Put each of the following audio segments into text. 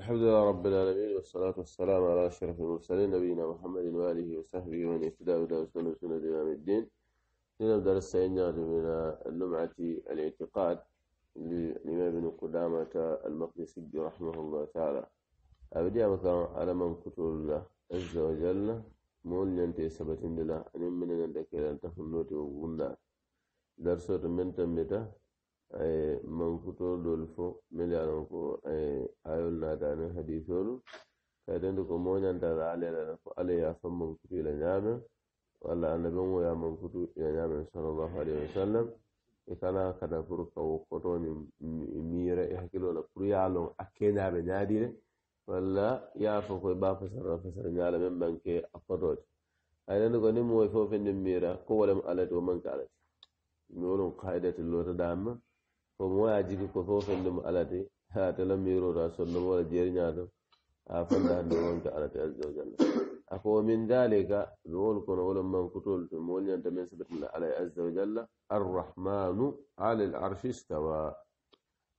الحمد لله رب العالمين والصلاة والسلام على أشرف المرسلين نبينا محمد وآله وصحبه ومن اهتدى بهداه سنة سنة إمام الدين لنبدأ الاستعانة من اللمعة الاعتقاد للإمام ابن قدامة المقدسي رحمه الله تعالى أبدي أمكر على من كتب عز وجل مول ينتهي سبتين دلا أن من ينتهي لأن تفنوتي وغنى درسة من تمتة mankutololu fo mil ye lon ko ayolu naata aniŋ hadisolu kayitandi ko moo ñantata alla la ko alla ya a fo mankutu i la ñaameŋ Wala annabiŋo ye ya mankutu i la ñaameŋ salallahu alayhi wa sallam i kana kata pour ka wo kotoniŋ miira i e hakkiloo la pour ye a loŋ a keñaa be ñaadi le walla ye a fo ko i be a fasara fasara ñaa la meŋ maŋ ke a kotoo ti ayitandi ko ni moo ye feŋ feŋ niŋ ko wo lemu alla ti wo maŋ ke alla ti miŋ wo loŋ kayidatillota daama ko moya jigi ko fo fellemo alate ha tala miroto a sonnomo wala jeeriñato a fanda hande wonke alate azza wa jalla ako wa min dalika ɓe wol kono wolon mankutol to mo wolñanta men sabatina alay azza wa jalla arrahmanu ala l arshi stawa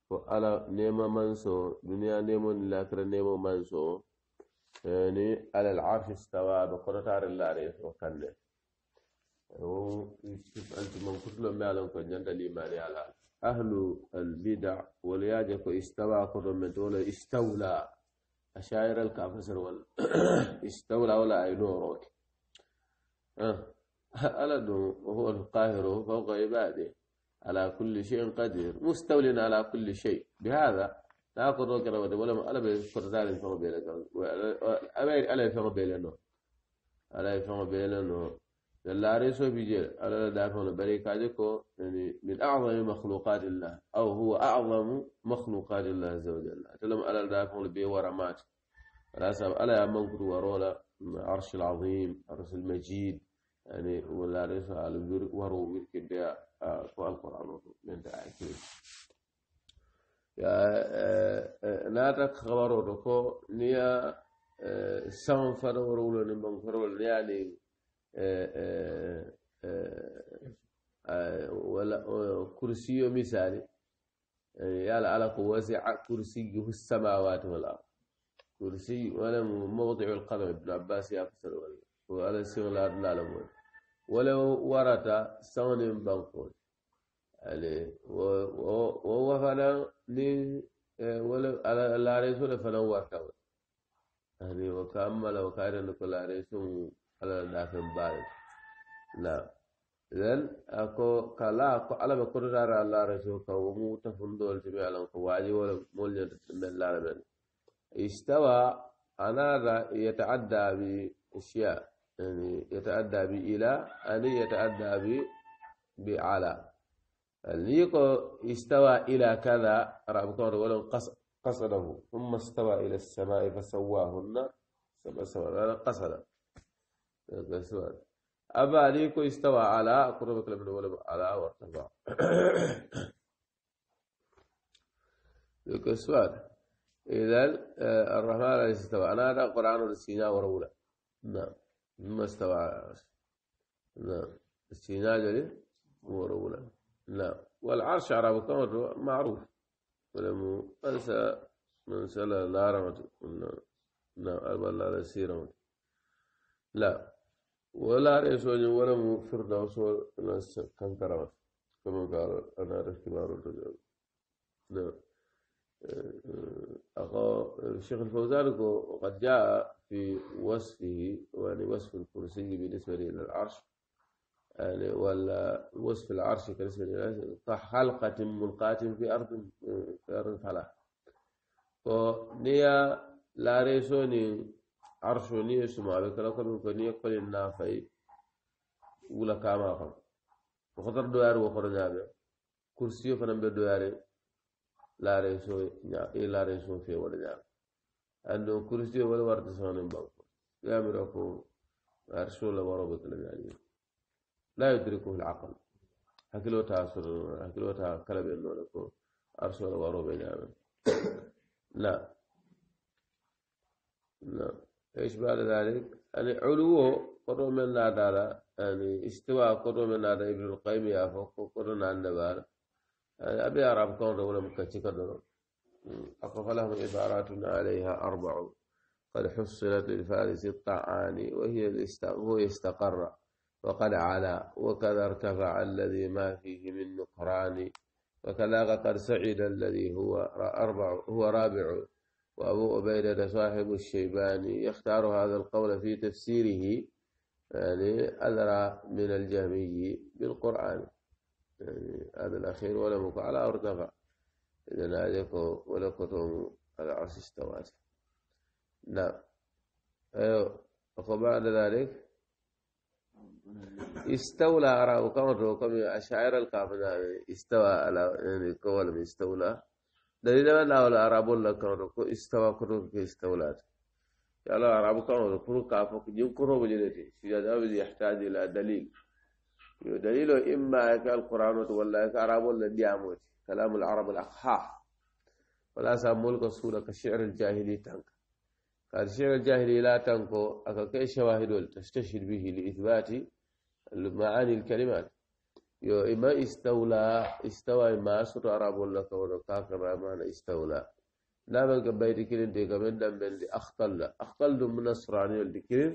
ko ala nema manso duniya nemo ni lakira nemo manso ni ala l arshi stawa ɓe konotare laare o kanne o alti mankutolo me alon ko ñanta limani ala ala أهل البدع ولياجك استوى قدمت ولا استولى أشاعر الكافسر وال استولى ولا أي أه ألا وهو القاهر فوق عباده على كل شيء قدير مستول على كل شيء بهذا لا قدر كنا ولا ألا بفرزان فربي لك ألا يفهم بيلنا ألا يفهم بيلنا للاريسو بيجي على دافون بري كاجكو يعني من أعظم مخلوقات الله أو هو أعظم مخلوقات الله عز وجل تلم على دافون بي ورا مات سبب على منكر ورولا عرش العظيم عرش المجيد يعني ولا ريسو على بير ورو بير كده آه، في القرآن من تأكيد يا آه، آه، ناتك خبرو دوكو نيا سام فرورو لنبنكرو يعني ولا كرسي مثالي يالا يعني على وسع كرسيه السماوات والارض كرسي ولا موضع القدم ابن عباس يفسر ولا سيغلار لا لمول ولو ورث سون بنقول يعني وهو فانا ولا على لا رسول فانا ورثه يعني وكمل وكان كل رسول ألا دافن بارد لا إذن أكو كلا أكو ألا بكر رارا الله رسول كو موتا فندول جميع لهم كو واجي ولا مولي من لا رمان استوى أنا را يتعدى بإشياء يعني يتعدى بإلى أنا يتعدى ب بعلى ليكو استوى إلى كذا رابطون ولا قصده ثم استوى إلى السماء فسواهن سبع سواء قصده أبا أباريك استوى على قربك من العلماء على وارتفع ذلك السؤال إذا الرحمن ليس استوى أنا هذا قرآن السيناء ورولة نعم ما استوى على نعم السيناء جلي ورولة نعم والعرش عرب كون معروف ولم أنسى من سأل لا رمت نعم, نعم. أبا لا سيرمت لا ولا ولا رسول مفر soño ناس كان na kankarama قال أنا anare kibaroto نعم أخو الشيخ الفوزان قد جاء في وصفه يعني وصف الكرسي بالنسبة إلى العرش يعني ولا وصف العرش بالنسبة إلى كحلقة ملقاة في أرض آه، في أرض فلاح ونيا لا رسول arsho ni ye suma a bɛ kala kalo kɛ ni ye kɔli n'a fa ye wula kaama kan mɔgɔtɔr dɔ yari wo kɔrɔ ɲaamɛ kursiyo fana bɛ dɔ yari laare so e laare so fe wala ɲaamɛ an don kursiyo wala wari tɛ sɔn ne ban ko ya mira ko arsho la waro bɛ kala ɲaamɛ la yudriku al-aql hakilo ta sɔrɔ hakilo ta kala bɛ nɔ ko arsho la waro bɛ ɲaamɛ na na ايش بعد ذلك يعني علوه قرر من نادارا يعني استواء قرر من نادارا ابن القيم يا فوق قرو نادارا يعني ابي اعرف كون ولا مكتشي كدر اقف لهم عباراتنا عليها اربع قد حصلت للفارس الطعان وهي هو استقر وقد علا وكذا ارتفع الذي ما فيه من نقران وكذا قد سعد الذي هو أربع هو رابع وأبو عبيدة صاحب الشيباني يختار هذا القول في تفسيره يعني أذرى من الجهمي بالقرآن يعني هذا الأخير ولا على ارتفع إذا ذلك ولقتهم على العرش استوات نعم أيوه وبعد ذلك استولى أراه كما كم أشاعر الكافر يعني استوى على يعني كولم استولى دليل ما لاول ولا عرب ولا كانوا كو استوى كنو كي استولات يا لا عرب كانوا كرو كافو كي كرو بجلتي سيادة يحتاج إلى دليل دليل إما القرآن ولا عرب ولا ديامو كلام العرب الأقحاح ولا سامول سورة كشعر الجاهلي تنك شعر الجاهلي لا تنكو أكاكي شواهد تستشهد به لإثبات معاني الكلمات يو إما استولى استوى إما سر أراب الله كونه كاك رامان استولى نعم كبير ذكرين ديك من دم من دي أختل أختل دم من السراني الذكرين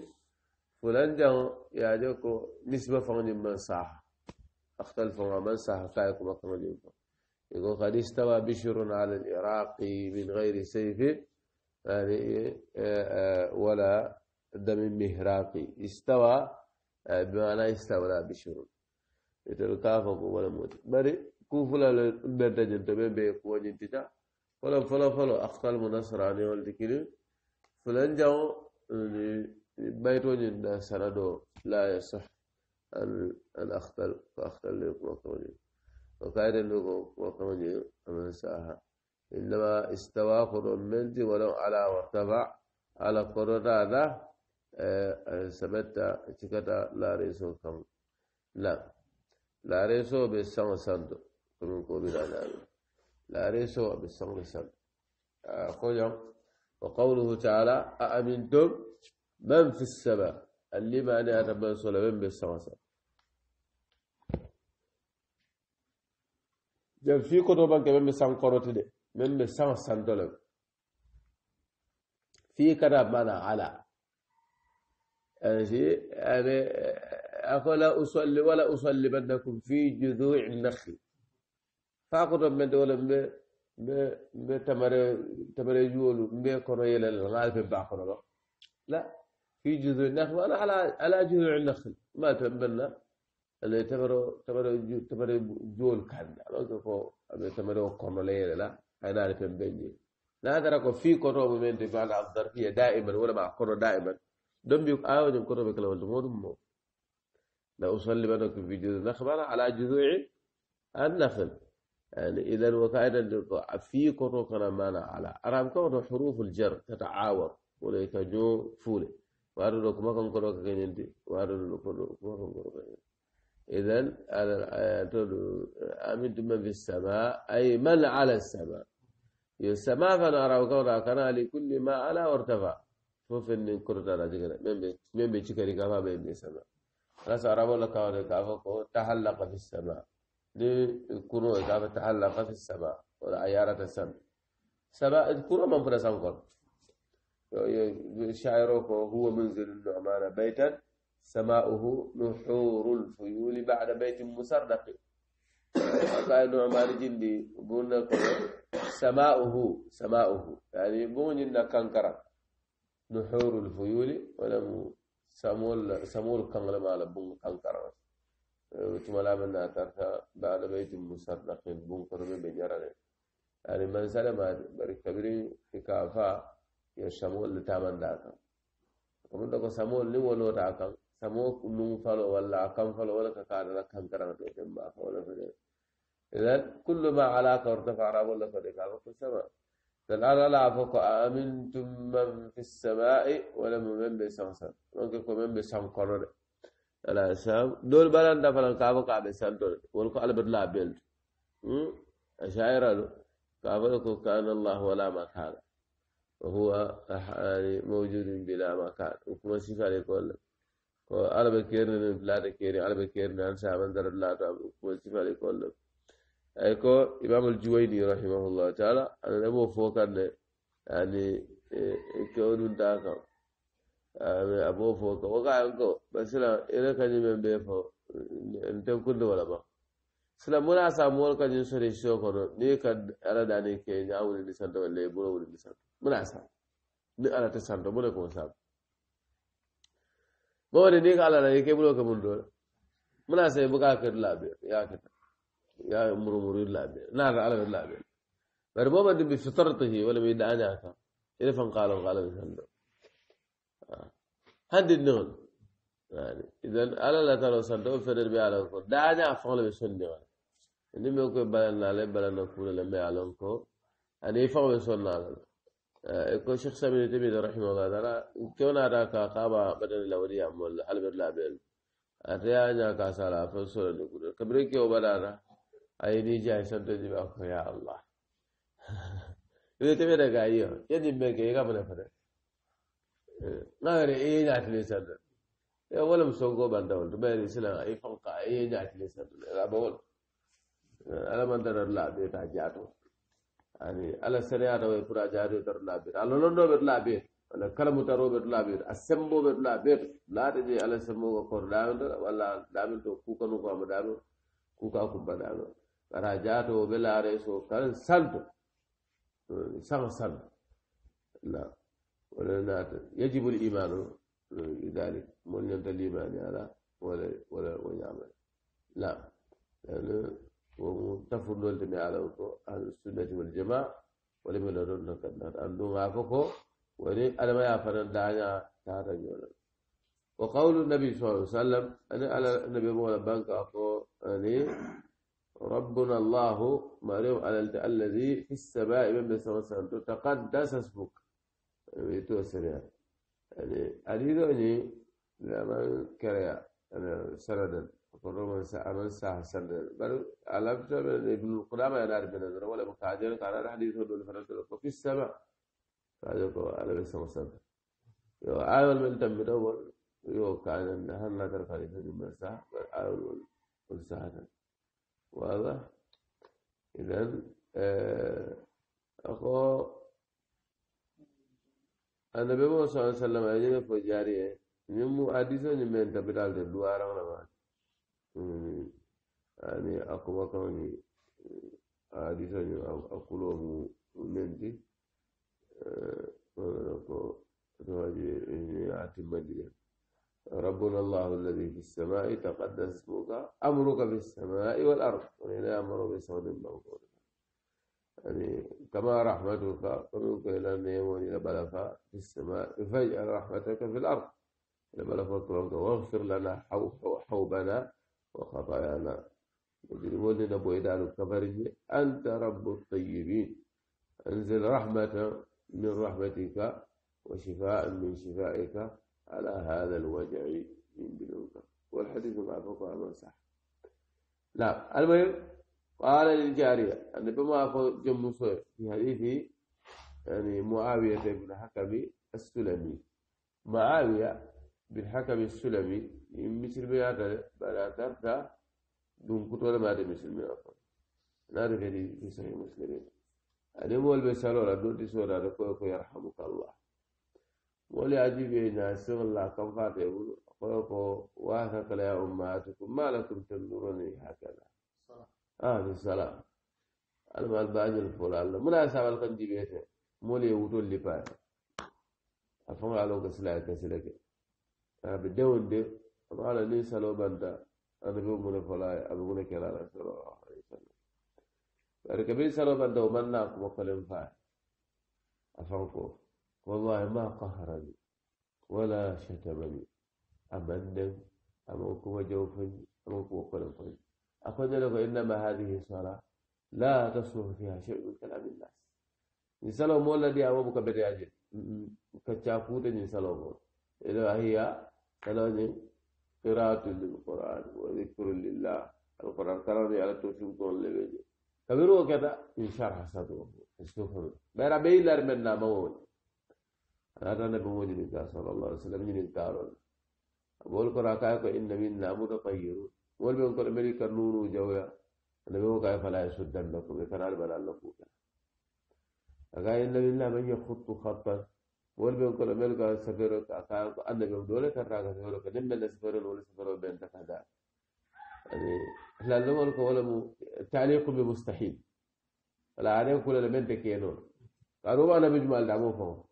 فلان جاو يعجوكو نسبة فغني من صح أختل فغني من صح كايك مقرن يقول قد استوى بشر على العراقي من غير سيف يعني ولا دم مهراقي استوى بمعنى استولى بشر itelu kafa ko wala moti bari ku fula le be be ɓe ɓe tita wala folo folo aktal munasara ni wal kiri fulan jawo baytoñin ɗa da sarado la ya sah an an aktal ko aktal le kuma kamañi o kayden ɗo ko kuma kamañi aman saha innama istawa koɗo menti walaw ala wartaba ala koɗotaɗa sabetta cikata laariso kam la laareso ɓe saŋa santo komin ko ɓinanaami laareso aɓe saŋa santo koƴam wa qawluhu taala a amintum man fi ssama allimani ata bansola ɓen ɓe saŋa santo jam fi koto banke men ɓe sankoroti de men ɓe saŋa santole fi kada mana ala ansi aɓe أفلا أصلي ولا أصلي بأنكم في جذوع النخل فأقول رب دولا ما ما ما تمر تمر يقول بيكون يلا الغالب بعقرب لا في جذوع النخل وأنا على على جذوع النخل ما تبنا اللي تمر تمر تمر جول كان ما كفو أبي تمر كون يلا لا أنا أعرف بنجي لا ترى في كون من تفعل الظرفية دائما ولا مع كون دائما دم آه، بيك آية كون بكلا والدمور مو لأصلبنكم في جذوع النخلة على جذوع النخل يعني إذا وكأن في كونو كان مانا على أرام كونو حروف الجر تتعاور وليك جو فولي وارد لكم كم كونو كينتي وارد لكم كم كونو إذا أمنت من في السماء أي من على السماء السماء فانا أرى كونها كان لكل ما على وارتفع فوفن كرتنا تكنا من بي من بي تكري كما السماء ناس عرب ولا كانوا كافوا تحلق في السماء لكرو كافوا تحلق في السماء ولا عيارة السماء سماء الكرو من فرس أنقر شاعرك هو منزل النعمان بيتا سماؤه نحور الفيول بعد بيت مسردق قال نعمان جندي بقولنا سماؤه سماؤه يعني بونا كنكرة نحور الفيول ولم سامول سامول كان لما على بون كان كرر تملا من ناترتا بعد بيت مسرق بون كرم بجرر يعني من سلم بري كبير حكافة يا سامول لتامن داكم كم تقول سامول لي ولو داكا سامول نون فلو ولا كم فلو ولا كارا كان بيت ما فلو فلو إذا كل ما علاقة ارتفع رابو ولا فدي كارا كل سما فالآن لا فوق أمنتم من في السماء ولا من بسانسان ممكن يكون من بسان قرر على سام دول بلان دفلان فلان كافو سان دول ولكو على بدلا بيلت أشاعر له كافو كان الله ولا مكان كان وهو موجود بلا مكان وكما سيفا يقول على بكيرنا بلا كيري على بكيرنا أنسى من در الله وكما سيفا يقول ay ko imam aljuwaini rahimahullah taala ana nemo fo kande yani kewɗum ta kam abo fo ka woka an ko basila ere kañumen ɓe fo en tenkunde wala ma sila mona samowol kañum sori sio kono ni ka ala dani ke ñawulindi santo walla e ɓuro wulindi santo mona sam ni ala te santo mone komo sam mawde ni ka ala dani ke ɓuro ke mum dole mona sa buka kedulaɓe yaketa ya muru muru labe na ga ala labe bari boba de bi fitartihi wala bi danya ka ila fan qalo qalo hando hande non yani idan ala la taro sando feder bi ala ko danya fan le sonde wala ni me ko balan na le balan na kula le me alon ko ani fan le sonna la ko sheikh sabir tabi rahimahullah taala kewna da ka qaba badan lawliya mol albe labe أتيا أنا كاسالا فسول نقول كبري كيو بدارا أي جاي سبت دماغك يا الله إذا تبي رجعيه يدي بيك يا كم نفر نعرف إيه جات لي سبت يا ولا مسونكو بندول تبي رسلا أي فنقا إيه جات إيه لي سبت لا بقول أنا ما أدري لا بيت أجاتو يعني على سريعة روي فرا جاري تر لا بيت على لندو بيت لا بيت ولا كلمة ترو بيت لا بيت السمو بيت لا بيت لا تجي على سمو كور دامن ولا دامن تو كوكا نوكا مدامن كوكا كوبا دامن kara jaato be laare so kan salto saŋ salto na wala naata yajibu limanu bidalik mon ñanta limani ala wala wala wo ñamal na yani womu tafurnolte mi alaw ko ahlusunnati waljamaa wala mi latonto kad naata anduŋa ko ko wani adamaya fana daña taata ñolal wa qawlu nabi sa sallam ani ala nabi mola banka ko ani ربنا الله مريم على الذي في السماء من السماء والسلام تقدس اسمك ويتو يعني سريع يعني أريدني لما كريا أنا يعني سردا قرما أمن ساعة سردا بل علمت من ابن القدامى أنا أعرف نظرة ولا مكاجر تعالى أنا حديث دون فرنسا في السماء فأجوكو على بس مصدر يو أول آية من تم من أول يو كان هل نظر فريسة جمع ساعة أول آية والساعة واضح إذا أخو النبي محمد صلى الله عليه وسلم أجمع فجاري نمو أديسو نمين تبتال تدو آرام ما يعني أكو مكاني أديسو نمو أقولو مو ننتي أكو تواجه أتمنى ربنا الله الذي في السماء تقدس اسمك أمرك في السماء والأرض ولله أمر بصوت موجود يعني كما رحمتك ومنك إلى النعم واذا بلغ في السماء فاجعل رحمتك في الأرض إلى ربك واغفر لنا حوبنا وخطايانا وجرمون على الكفرج أنت رب الطيبين أنزل رحمة من رحمتك وشفاء من شفائك على هذا الوجع من بلوغه والحديث فقه ما صح لا نعم. المهم قال للجارية أن بما أخذ جمس في حديث يعني معاوية بن حكم السلمي معاوية بن حكم السلمي مثل ما بلا تبتا دون كتول ما دي مثل ما أخذ نادي في صحيح مسلمين أنا مول بيسالو لا دون تسوى لا يرحمك الله wole ajibe na sirla kan fata bulu koyo ko wa ka kala ya ummatukum ma lakum tanzuruni hakala ah bi salam alma albaji alfula allah muna sabal kan jibete mole wuto lipa afan alo ka sila ka sila ke abi dewde amma ala ni salo banda annabi mun fala abi mun kala sallallahu alaihi wasallam barka bi salo banda man na kuma kalin fa afan ko والله ما قهرني ولا شتمني أمنا أموك وجوفني أموك وقلفني أقول له إنما هذه صلاة لا تصلح فيها شيء من كلام الناس نسأله مولا الذي أمامك بدأت كتشافوت نسأله مولا إذا هي كلام قراءة للقرآن وذكر لله القرآن قرآن على توشم كون لبيجي كبيرو كذا إن شاء الله حسنه الله بيرا بيلر من نامون هذا أنا هو جنين أنا الله عليه أنا جنين تارون أنا كرا كايكو أنا من نامو أنا بقول بيون أنا مريكا نونو أنا النبي هو أنا لا يسدن أنا يفرار بلا أنا أقول إن أنا نامو يخط أنا بقول بيون أنا مريكا سفر أنا أن بيون أنا كراغة سفر أنا من سفر ولا سفر بين تقدا يعني لا لو قالوا لهم تعليق بمستحيل لا عليهم كل اللي بنتك ينور قالوا انا بجمال دعموا فهم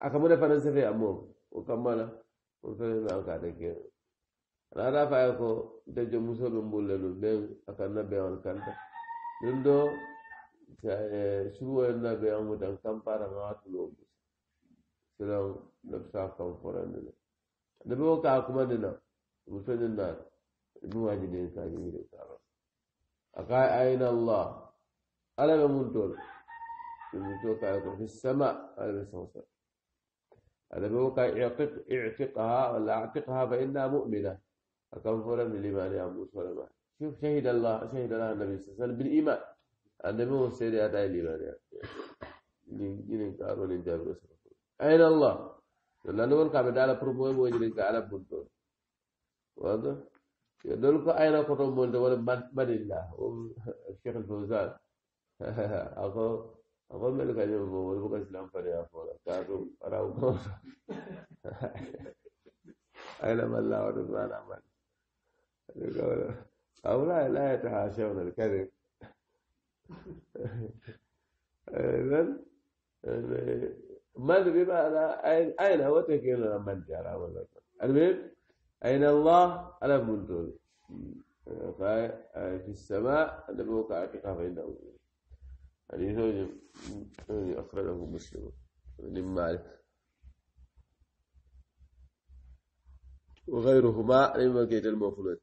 akamuda fana sefe a mom o kammala on fene ɓe an kate ke anaata faye ko dejo musoɓe mbulle ɗum ɓen akanna ɓe on kanta ɗum ɗo suwoyenna ɓe an mutan kamparama watulo mus silan nafsa kan forandina nde ɓe o ka kumandina musoñin naata ɗum wajidin kañiwiri karo aka ayna allah ala ɓe mun tol ɗum to kaye ko fi sama ala ɓe sawsal هذا بوقع اعتق اعتقها ولا اعتقها فانها مؤمنه فكم فولا من الايمان يا ابو سليمان شوف شهد الله شهد لها النبي صلى الله عليه وسلم بالايمان النبي هو السيد هذا الايمان يعني اين الله لانه يقول ولك بدال بروبوي بوي جريك على بنتو واضح يدل كو اين كتب ولا بدل الله الشيخ الفوزان اخو ako melu ka ñoo bo wolu buka silam fariya fola kaatum faraw ko علم الله ورضوان من أو لا لا يتحاشون الكذب إذن من بمعنى أين هو تكين من جرى المهم أين الله أنا منذر في السماء النبي وقع في قفا إنه حديث يعني الذي أخرجه مسلم بن مالك وغيرهما لما كيت المخلد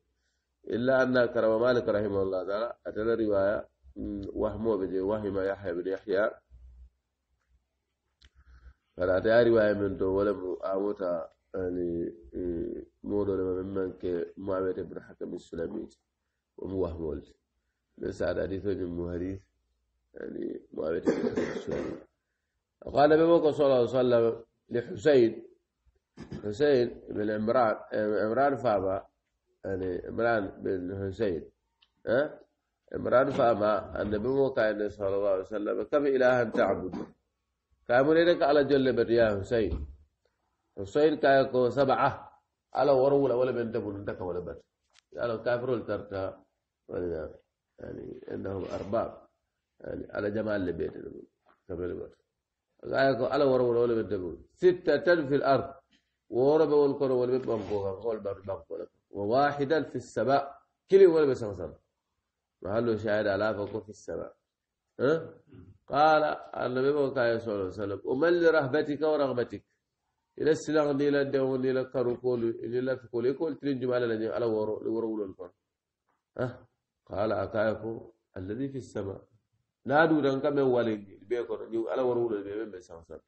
إلا أن كرم مالك رحمه الله تعالى أتى رواية وهمه بجي وهم يحيى بن يحيى فلا تاري رواية من دو ولم آموتا يعني مولو لما ممن كمعبد بن حكم السلميت ومو وهمولت لسا على حديثه من حديث لمعالجة يعني الإسلامية وقال بموقع صلى الله عليه وسلم لحسين حسين بن عمران عمران فاما يعني عمران بن حسين ها عمران فاما أن بموقع النبي صلى الله عليه وسلم كم إلها تعبد كامل على جل يا حسين حسين كايكو سبعة على ورول ولا بنت بنتك ولا بنت قالوا كافر الترتا يعني انهم ارباب على جمال البيت كبل غايكو على ورا ولا بتبول ستة في الأرض ورا بقول ورب ولا والبيبان بوغا قول باب باب وواحدا في السماء كل ولا بس مثلا هلو شاهد على فوق في السماء أه؟ قال النبي صلى الله عليه وسلم أمل لرهبتك ورغبتك إلى السلام دي لا دون دي لا كارو إلى في كول يقول ترين جمالة على ورا ورو ورو أه؟ قال أكايكو الذي في السماء na duran kamen walin be ko ni ala waru be be san san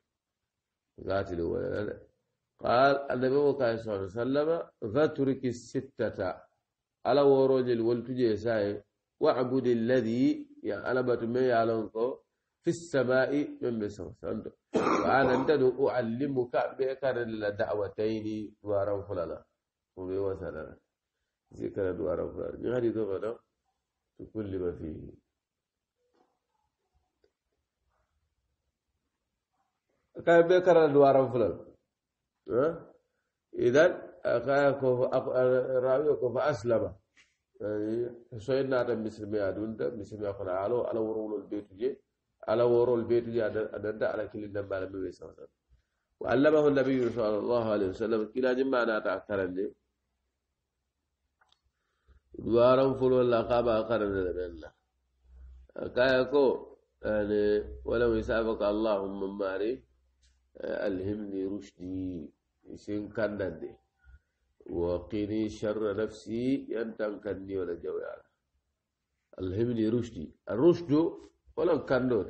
قال النبي صلى الله عليه وسلم فترك الستة على وروج الولتجي ساي واعبد الذي يا على بتمي يعلمكو في السماء من بسم سند وانا انت اعلمك بكر الدعوتين دوارن فلانا وبي وسلانا ذكر دوارن فلانا هذه دوغدا كل ما فيه كان بكر الدوار فلان إذن أخاكم رأيكم أسلم يعني سيدنا أدم مثل ما أدون ده مثل ما أقول على على ورول البيت جي على ورول البيت جي أدى أدى على كل ما بعد النبي صلى الله عليه وسلم وعلمه النبي صلى الله عليه وسلم كلا جمع أنا أتأثر عليه دوار فلان لا قابا قرن ذا بالله أخاكم يعني ولو يسابك اللهم مماريك ألهمني رشدي سين كان وقيني شر نفسي ينتن كني ولا جويان ألهمني رشدي الرشد ولا كندون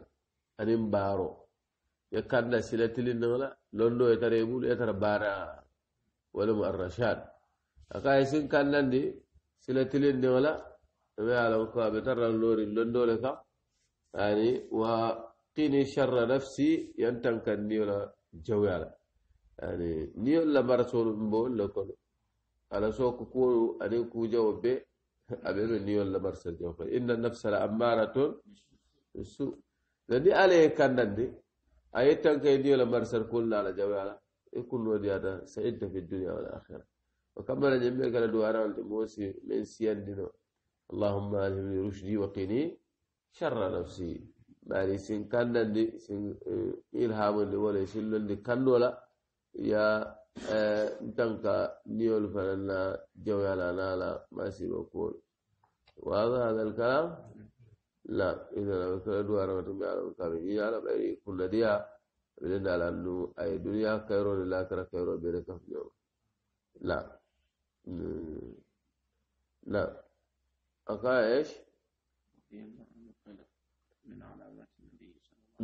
أنم بارو يكاد سلتلي نغلا لندو يتريبول يتر بارا ولم الرشاد أكاي سين كان دي سلتلي نغلا ما على يعلم كابتر اللوري لندو لكم يعني و قيني شر نفسي ينتن كان نيولا جويالا يعني نيولا مرسول مبول لكل على سوق كوي أني كوجو بي أبيرو نيولا مرسل جو إن النفس لأمارة بالسوء لدي عليه كان ندي أيتن كان نيولا مرسل كل على جويالا يكون ودي هذا سعيد في الدنيا والآخرة وكما نجمع على دوارا والموسي من سيان دينو اللهم ألهمني رشدي وقيني شر نفسي bari sin kallandi sin ilhamandi wala sillondi kallola ya ntanka niyol fananna jawyala nala masiba kuwol waga hada alkalam la idanakala duwaramatomi alamkami yala ɓari kulladiya ɓeɗenda alandu ay duniya kayrode lakara kayro ɓeɗe kaf ñoma la la aka esh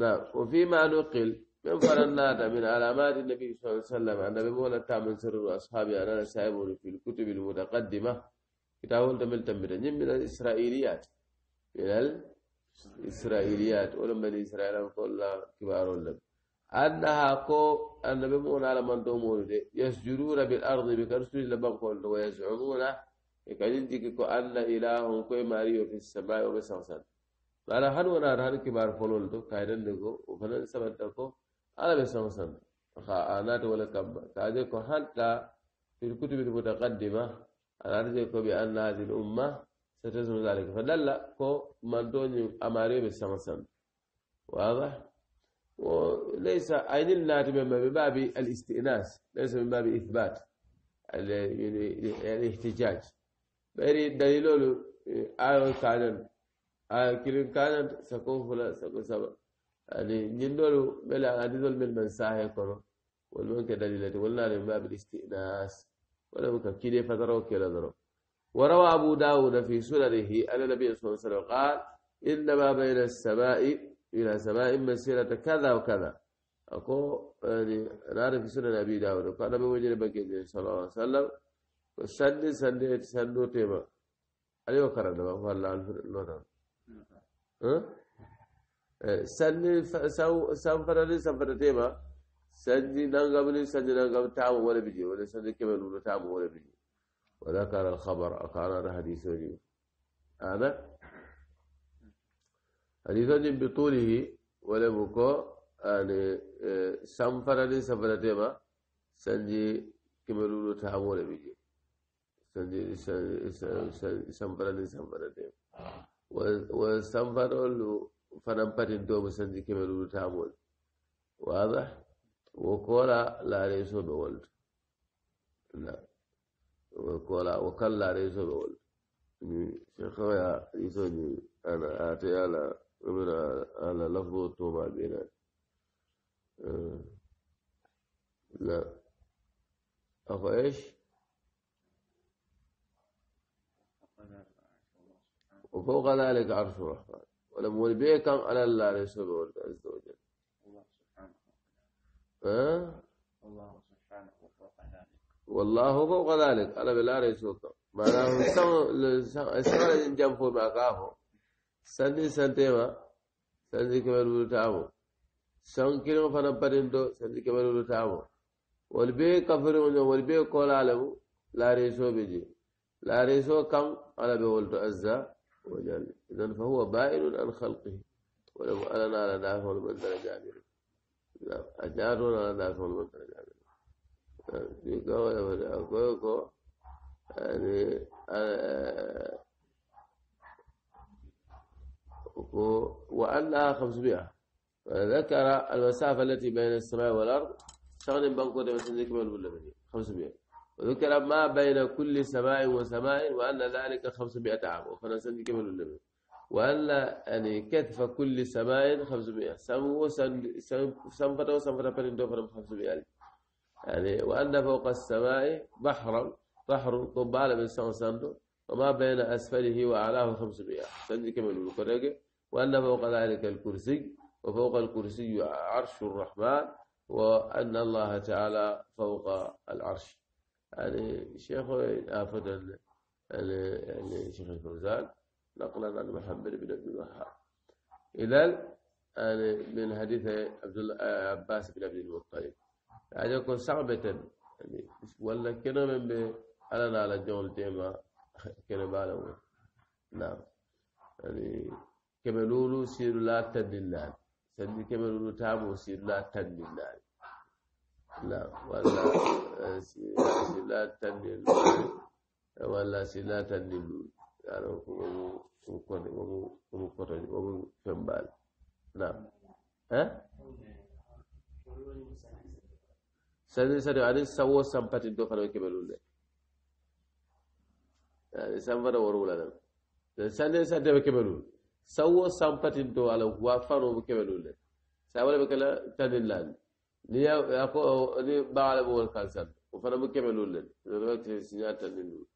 نعم وفيما نقل من فرناتا من علامات النبي صلى الله عليه وسلم أن بمولى تامن سر أصحابه أنا سايبه في الكتب المتقدمة كتاب تمل تمر من الإسرائيليات من الإسرائيليات ولما الإسرائيل كل كبار لهم أنها قو أن بمولى على من دومون يسجدون بالأرض بكرسول لبنقل ويزعمون يكالين أن إلههم كو ماريو في السماء وبسوسات أرهان ولا أرهان كبار فلول تو كايرن ديكو وفلان سبب تكو أنا بس أمسن خا أنا تقول كم كأجل كهان تا في الكتب اللي بتقدمها أنا أرجع كبي أن هذه الأمة ستزول ذلك فدل لا كو مانتون أماري بس أمسن واضح وليس أين الناتي من باب الاستئناس ليس من باب إثبات يعني الاحتجاج يعني بري دليلولو آه، آيو كانن aya kilin kanata sako fula sako saba ani ñin dolu bela hadisol men man sahe kono wol man ke dalilati wallani min babil istinas وروى أبو داود في سننه أن النبي صلى الله عليه وسلم قال إنما بين السماء إلى سماء مسيرة كذا وكذا أقول يعني أنا في سنن أبي داود قال من وجد بكي صلى الله عليه وسلم وسند سند سند تيما أليو كرنا نبأ هو عنه الفرق sanni sanfarani sanfatatema sanji nangabni sanji nangab taamu wala bije wala sanji keme nuno taamu wala bije وذكر الخبر أكان حديث وجيب هذا حديث وجيب بطوله ولمكو يعني سنفرني سنفرتيما سنجي كملولو تهامو لبيجي سنجي سنفرني سنفرتيما وسنفرول فنمبتن توب سنجي كمل تامول واضح وكولا لا ريسو بولد لا وكولا لا ريسو بولد شيخو يا ريسو انا اتي على من على لفظ التوبة بينا أه. لا أخو إيش؟ وفوق ذلك عرش الرحمن ولم ولبيك على الله الله عز وجل أه؟ الله سبحانه وفوق ذلك والله فوق ذلك أنا بالله ليس معناه السماء جنب ما قافوا سندي سنتيما سندي كمال ولتامو سنكينو فنبرندو سندي كمال ولتامو والبي كفر من والبي كولالو لا ريسو بيجي لا ريسو كم على بولتو أزا وجل إذا فهو بائن عن خلقه ولو أننا لنعرف من درجة منه أجارنا لنعرف من درجة منه يعني آه، آه، وأنها 500 ذكر المسافة التي بين السماء والأرض شغل بنكو ده مثلا ذيك 500 وذكر ما بين كل سماء وسماء وأن ذلك 500 عام وفرنسان كمل النبي وأن يعني كتف كل سماء 500 سمو سنفتا وسنفتا فرنتو دوفر 500 ألف يعني وأن فوق السماء بحرا بحر قبالة من سان ساندو وما بين أسفله وأعلاه 500 سنجي كمل النبي وأن فوق ذلك الكرسي وفوق الكرسي عرش الرحمن وأن الله تعالى فوق العرش يعني شيخ آفد يعني شيخ الفوزان نقلا عن محمد بن عبد الوهاب إذا يعني من حديث عبد عباس بن عبد المطلب يعني يكون صعبة يعني ولا كنا من على على جول تيما كنا بالو نعم يعني كما كملولو سير لا تدلال كما كملولو تابو سير لا تدلال نعم ولا silatannin walla silatannin yaro omu koto omu fembaal nam sani sani ani sawo sampati do kana kebe lulle ani sanfata woro wula nam sani sani be kebe lulle sawo sampati do ala wa faro be kebe lulle sabale be kala tanin lan ni ya ko ni baala be wol kan santo o fana be kemelul le ɓe kile siña tannin ɗum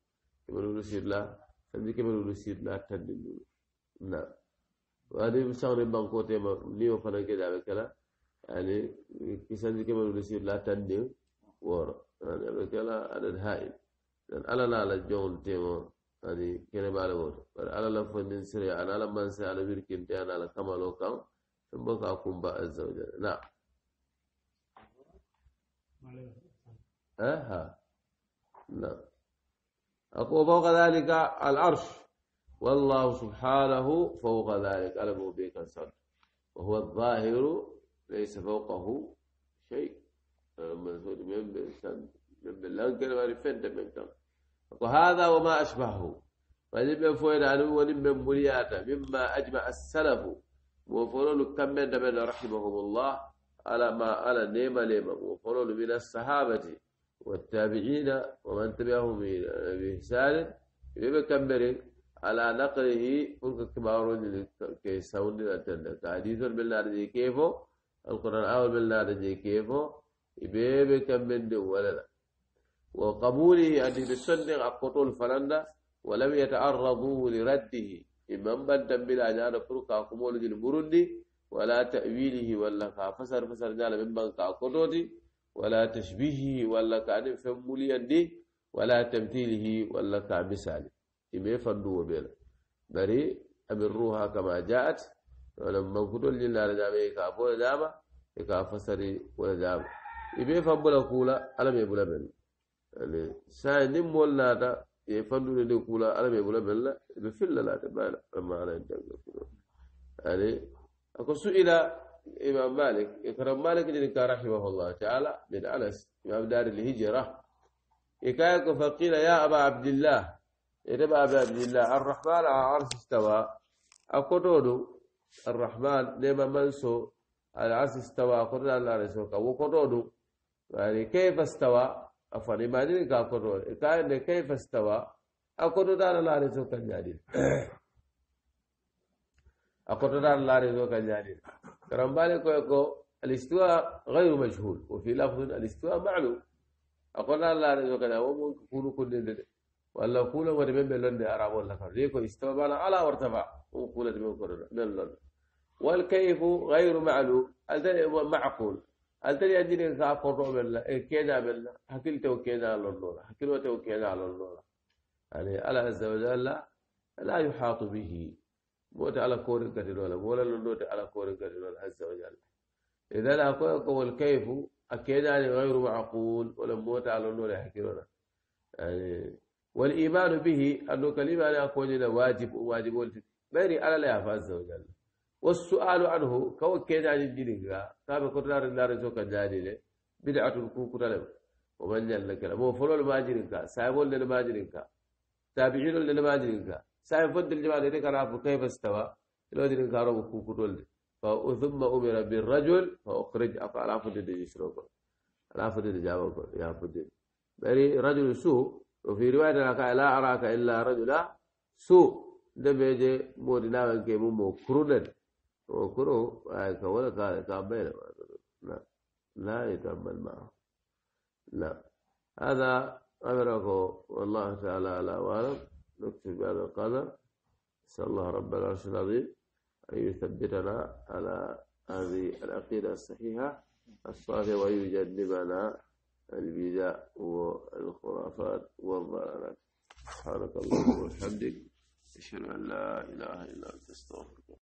kemelulu sirla sadi kemelulu sirla tannin ɗum na wadi sawri bankotema ni o fana ke jaɓe kela yani sadi kemelulu sirla tannin woro yani aɓe kela aɗat hail dan ala la ala jowol temo ani kene baale woto bare ala la fondin sire ana ala manse ala wirkinte ana ala kamalo kan tumbo ka kumba azza wa jalla na أها نعم فوق ذلك العرش والله سبحانه فوق ذلك ألم به كسر وهو الظاهر ليس فوقه شيء وهذا وما أشبهه فلم فوين عنه ولم ملياته مما أجمع السلف وفرول كم من رحمهم الله على ما على نيم نيمة وفرول من الصحابة والتابعين ومن تبعهم بإحسان يبقى كمبرين على نقله انك كبار كي سوند الاتند حديث بالله دي كيفو القران اول بالنار دي كيفو يبقى كمبرين ولا لا وقبوله أن يصدق أقطول فلندا ولم يتعرضوا لرده إمام بنتم بلا جانا فرقا قمول البرندي ولا تأويله ولا فسر فسر جانا من بنك أقطوتي ولا تشبيهه ولا كان فموليا دي ولا تمثيله ولا كمثال إما فندو بلا بري أمروها كما جاءت ولم كتول لله رجابي كافو رجابا سري ورجابا إما فبلا كولا ألا ميبلا بلا يعني ساين دي مولا تا يفندو دي كولا ألم يبولا بيلا بفل لا تبالا أما أنا أنت أقول يعني أكو سئل إمام مالك إكرم مالك جنكا رحمه الله تعالى من أنس إمام دار الهجرة إكايك فقيل يا أبا عبد الله إنما أبا عبد الله الرحمن على عرش استوى أقنون الرحمن نما منسو على عرش استوى أقنون على رسولك وقنون يعني كيف استوى أفني ما جنكا أقنون إكايك كيف استوى أقنون على رسولك جديد أقطر الله رزوك جانب بالك ويكو الاستواء غير مجهول وفي لفظ الاستواء معلوم أقول الله رزوك جانب وممكن كونو كل ولا كولا ورمين بلون أراب ولا فريكو استوى بانا على وارتفع وكولا رمين كولا بلن والكيف غير معلوم ألتني معقول ألتني أجري كافر بلا إيه كيدا بلا حكيلته كيدا على النور حكيلته كيدا على النور يعني الله عز وجل لا يحاط به موت على كور قتلولا ولا لنوت على كور قتلولا عز وجل إذا أقول والكيف أكيد يعني غير معقول ولا موت على النور يحكيونا يعني والإيمان به أنه كلمة أنا أقول واجب واجب والتي ماري على الله عز وجل والسؤال عنه كو كيد عن يعني الجنيكا كما قرر النار زوكا جاني بدعة الكوكو تلم ومن جل لك مو فلول ماجرينكا سايبول للماجرينكا تابعين للماجرينكا ساي فدل جماعة دي أبو كيف استوى لو دين كارو كوكول فأثم أمر بالرجل فأخرج أفعل عفو دي يشروب العفو دي جابوك يا فدل بري يعني رجل سوء وفي رواية لا أراك إلا رجل سوء ده بيجي موري من كي مو كرونا وكرو آه، كولا كابيل لا لا يتعمل معه لا هذا أمرك والله تعالى على أعلم نكتب بهذا القدر نسأل الله رب العرش العظيم أن يثبتنا على هذه العقيدة الصحيحة الصالحة وأن يجنبنا البدع والخرافات والضلالات سبحانك اللهم وبحمدك أشهد أن لا إله إلا أنت أستغفرك